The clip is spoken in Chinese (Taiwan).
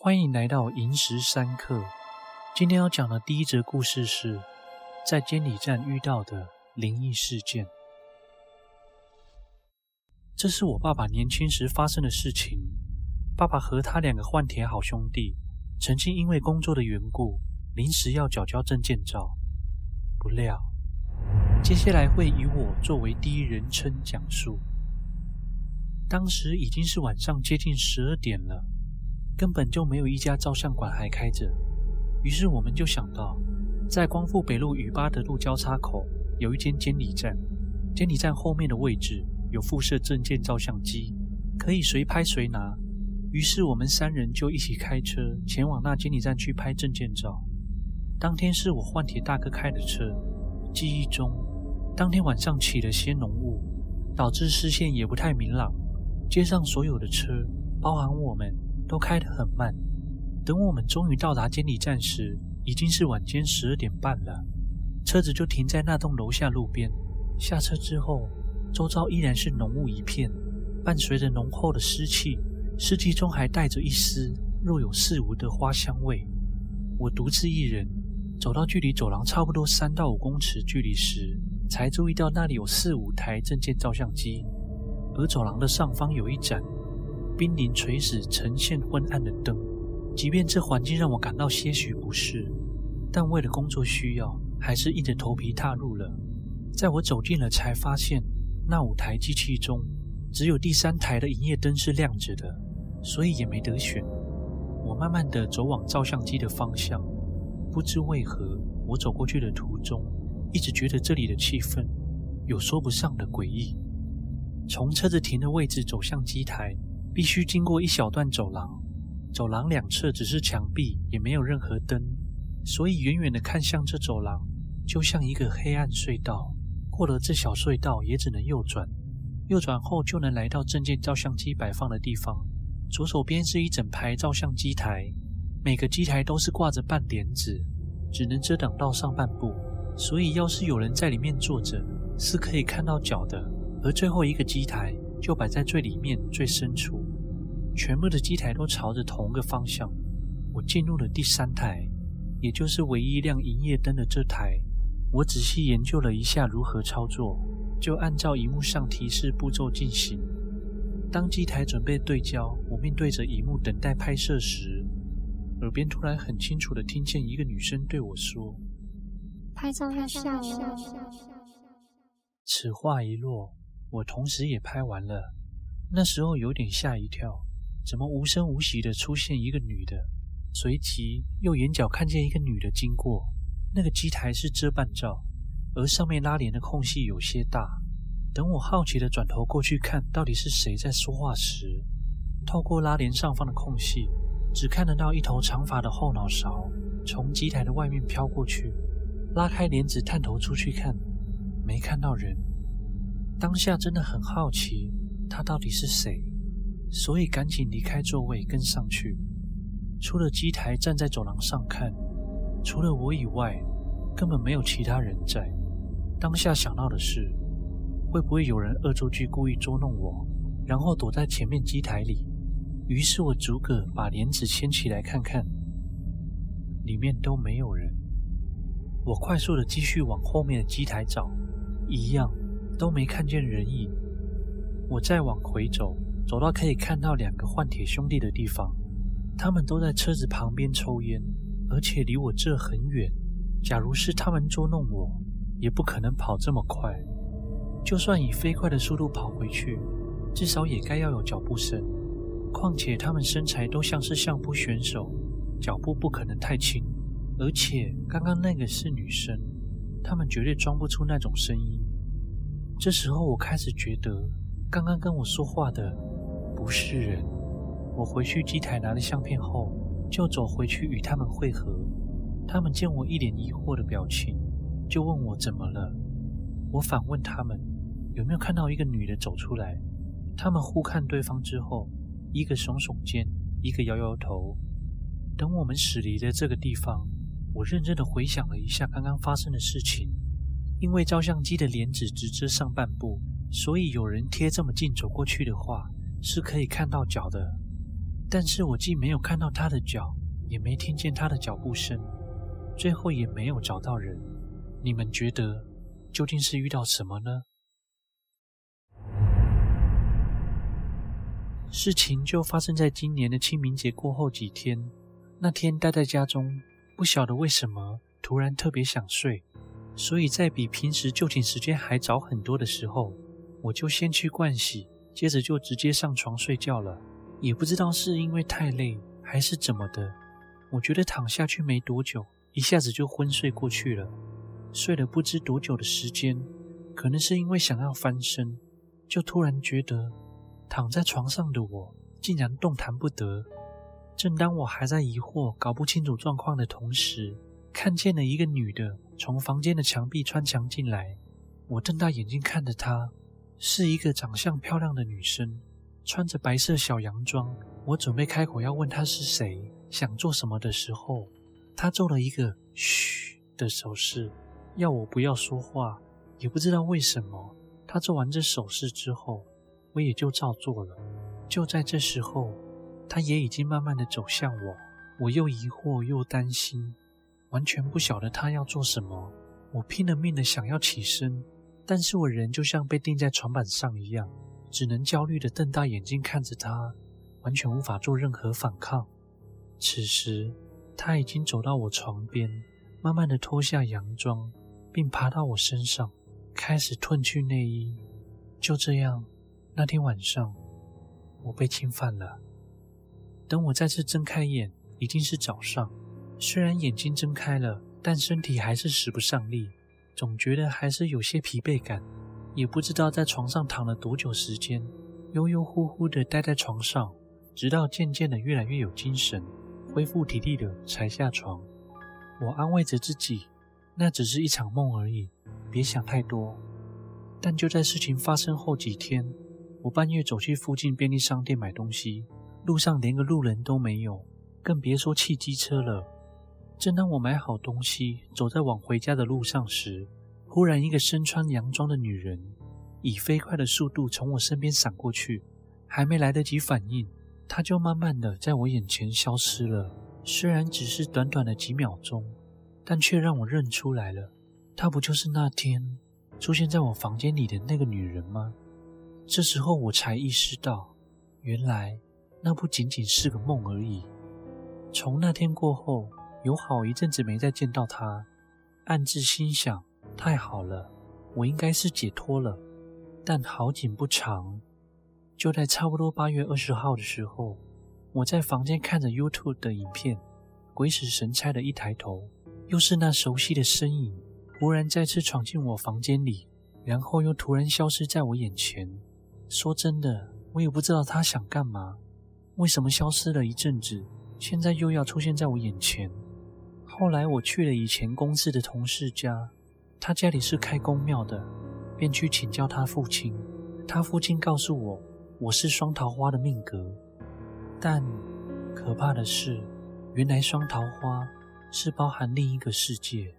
歡迎來到《寅時三刻》。今天要講的第一則故事是，在監理站遇到的靈異事件。這是我爸爸年輕時發生的事情。爸爸和他兩個換鐵好兄弟，曾經因為工作的緣故，臨時要繳交證件照。不料，接下來會以我作為第一人稱講述。當時已經是晚上接近十二點了。根本就沒有一家照相館還開着，於是我們就想到，在光復北路與八德路交叉口有一間監理站。監理站後面的位置有附設證件照相機，可以隨拍隨拿。於是我們三人就一起開車前往那監理站去拍證件照。當天是我換鐵大哥開的車，記憶中當天晚上起了些濃霧，導致視線也不太明朗。街上所有的車，包含我們。都開得很慢。等我們終於到達監理站時，已經是晚間十二點半了。車子就停在那棟樓下路邊。下車之後，周遭依然是濃霧一片，伴隨着濃厚的濕氣，濕氣中還帶着一絲若有似無的花香味。我獨自一人走到距離走廊差不多三到五公尺距離時，才注意到那裡有四五台證件照相機，而走廊的上方有一盞。瀕臨垂死，呈現昏暗的燈，即便這環境讓我感到些許不適，但為了工作需要，還是硬着頭皮踏入了。在我走近了，才發現那五台機器中，只有第三台的營業燈是亮着的，所以也沒得選。我慢慢地走往照相機的方向，不知為何，我走過去的途中，一直覺得這裡的氣氛有說不上的詭異。從車子停的位置走向機台，必須經過一小段走廊，走廊兩側只是牆壁，也沒有任何燈，所以遠遠的看向這走廊，就像一個黑暗隧道。過了這小隧道，也只能右轉，右轉後就能來到證件照相機擺放的地方。左手邊是一整排照相機台，每個機台都是掛着半簾子，只能遮擋到上半部，所以要是有人在裡面坐着，是可以看到腳的。而最後一個機台就擺在最裡面，最深處。全部的機台都朝着同個方向。我進入了第三台，也就是唯一亮營業燈的這台。我仔細研究了一下如何操作，就按照熒幕上提示步驟進行。當機台準備對焦，我面對着熒幕等待拍攝時，耳邊突然很清楚地聽見一個女聲對我說：“拍照，下下下下下下。”此話一落，我同時也拍完了。那時候有點嚇一跳。怎麼無聲無息地出現一個女的？隨即右眼角看見一個女的經過。那個機台是遮半罩，而上面拉簾的空隙有些大。等我好奇地轉頭過去，看到底是誰在說話時，透過拉簾上方的空隙，只看得到一頭長髮的後腦勺從機台的外面飄過去。拉開簾子探頭出去看，沒看到人。當下真的很好奇，她到底是誰？所以趕緊離開座位，跟上去。除了機台站在走廊上看，除了我以外，根本沒有其他人在。當下想到的是，會不會有人惡作劇故意捉弄我，然後躲在前面機台裡？於是我逐個把簾子掀起來看看，裡面都沒有人。我快速的繼續往後面的機台找，一樣都沒看見人影。我再往回走。走到可以看到兩個換鐵兄弟的地方，他們都在車子旁邊抽煙，而且離我這很遠。假如是他們捉弄我，也不可能跑這麼快。就算以飛快的速度跑回去，至少也該要有腳步聲。況且他們身材都像是相撲選手，腳步不可能太輕。而且剛剛那個是女生，他們絕對裝不出那種聲音。這時候我開始覺得，剛剛跟我說話的。不是人。我回去機台拿了相片後，就走回去與他們會合。他們見我一臉疑惑的表情，就問我怎麼了。我反問他們有沒有看到一個女的走出來。他們互看對方之後，一個聳聳肩，一個搖搖頭。等我們駛離了這個地方，我認真地回想了一下剛剛發生的事情。因為照相機的簾子只遮上半部，所以有人貼這麼近走過去的話，是可以看到腳的，但是我既沒有看到他的腳，也沒聽見他的腳步聲，最後也沒有找到人。你們覺得究竟是遇到什麼呢？事情就發生在今年的清明節過後幾天，那天待在家中，不曉得為什麼突然特別想睡，所以在比平時就寢時間還早很多的時候，我就先去盥洗。接着就直接上床睡覺了，也不知道是因為太累還是怎麼的。我覺得躺下去沒多久，一下子就昏睡過去了。睡了不知多久的時間，可能是因為想要翻身，就突然覺得躺在床上的我竟然動彈不得。正當我還在疑惑、搞不清楚狀況的同時，看見了一個女的從房間的牆壁穿牆進來。我瞪大眼睛看着她。是一個長相漂亮的女生，穿着白色小洋裝。我準備開口要問她是誰，想做什麼的時候，她做了一個“噓”的手勢，要我不要說話。也不知道為什麼，她做完這手勢之後，我也就照做了。就在這時候，她也已經慢慢的走向我。我又疑惑又擔心，完全不曉得她要做什麼。我拼了命的想要起身。但是我人就像被釘在床板上一樣，只能焦慮地瞪大眼睛看着他，完全無法做任何反抗。此時他已經走到我床邊，慢慢地脫下洋裝，並爬到我身上，開始褪去內衣。就這樣，那天晚上我被侵犯了。等我再次睜開眼，已經是早上。雖然眼睛睜開了，但身體還是使不上力。總覺得還是有些疲憊感，也不知道在床上躺了多久時間，悠悠乎乎地待在床上，直到漸漸地越來越有精神，恢復體力了才下床。我安慰着自己，那只是一場夢而已，別想太多。但就在事情發生後幾天，我半夜走去附近便利商店買東西，路上連個路人都沒有，更別說汽機車了。正當我買好東西，走在往回家的路上時，忽然一個身穿洋裝的女人以飛快的速度從我身邊閃過去，還沒來得及反應，她就慢慢的在我眼前消失了。雖然只是短短的幾秒鐘，但卻讓我認出來了，她不就是那天出現在我房間裡的那個女人嗎？這時候我才意識到，原來那不僅僅是個夢而已。從那天過後，有好一陣子沒再見到他，暗自心想：太好了，我應該是解脫了。但好景不長，就在差不多八月二十號的時候，我在房間看着 YouTube 的影片，鬼使神差的一抬頭，又是那熟悉的身影，忽然再次闖進我房間裡，然後又突然消失在我眼前。說真的，我也不知道他想幹嘛，為什麼消失了一陣子，現在又要出現在我眼前？後來我去了以前公司的同事家，他家裡是開公廟的，便去請教他父親。他父親告訴我，我是雙桃花的命格。但可怕的是，原來雙桃花是包含另一個世界。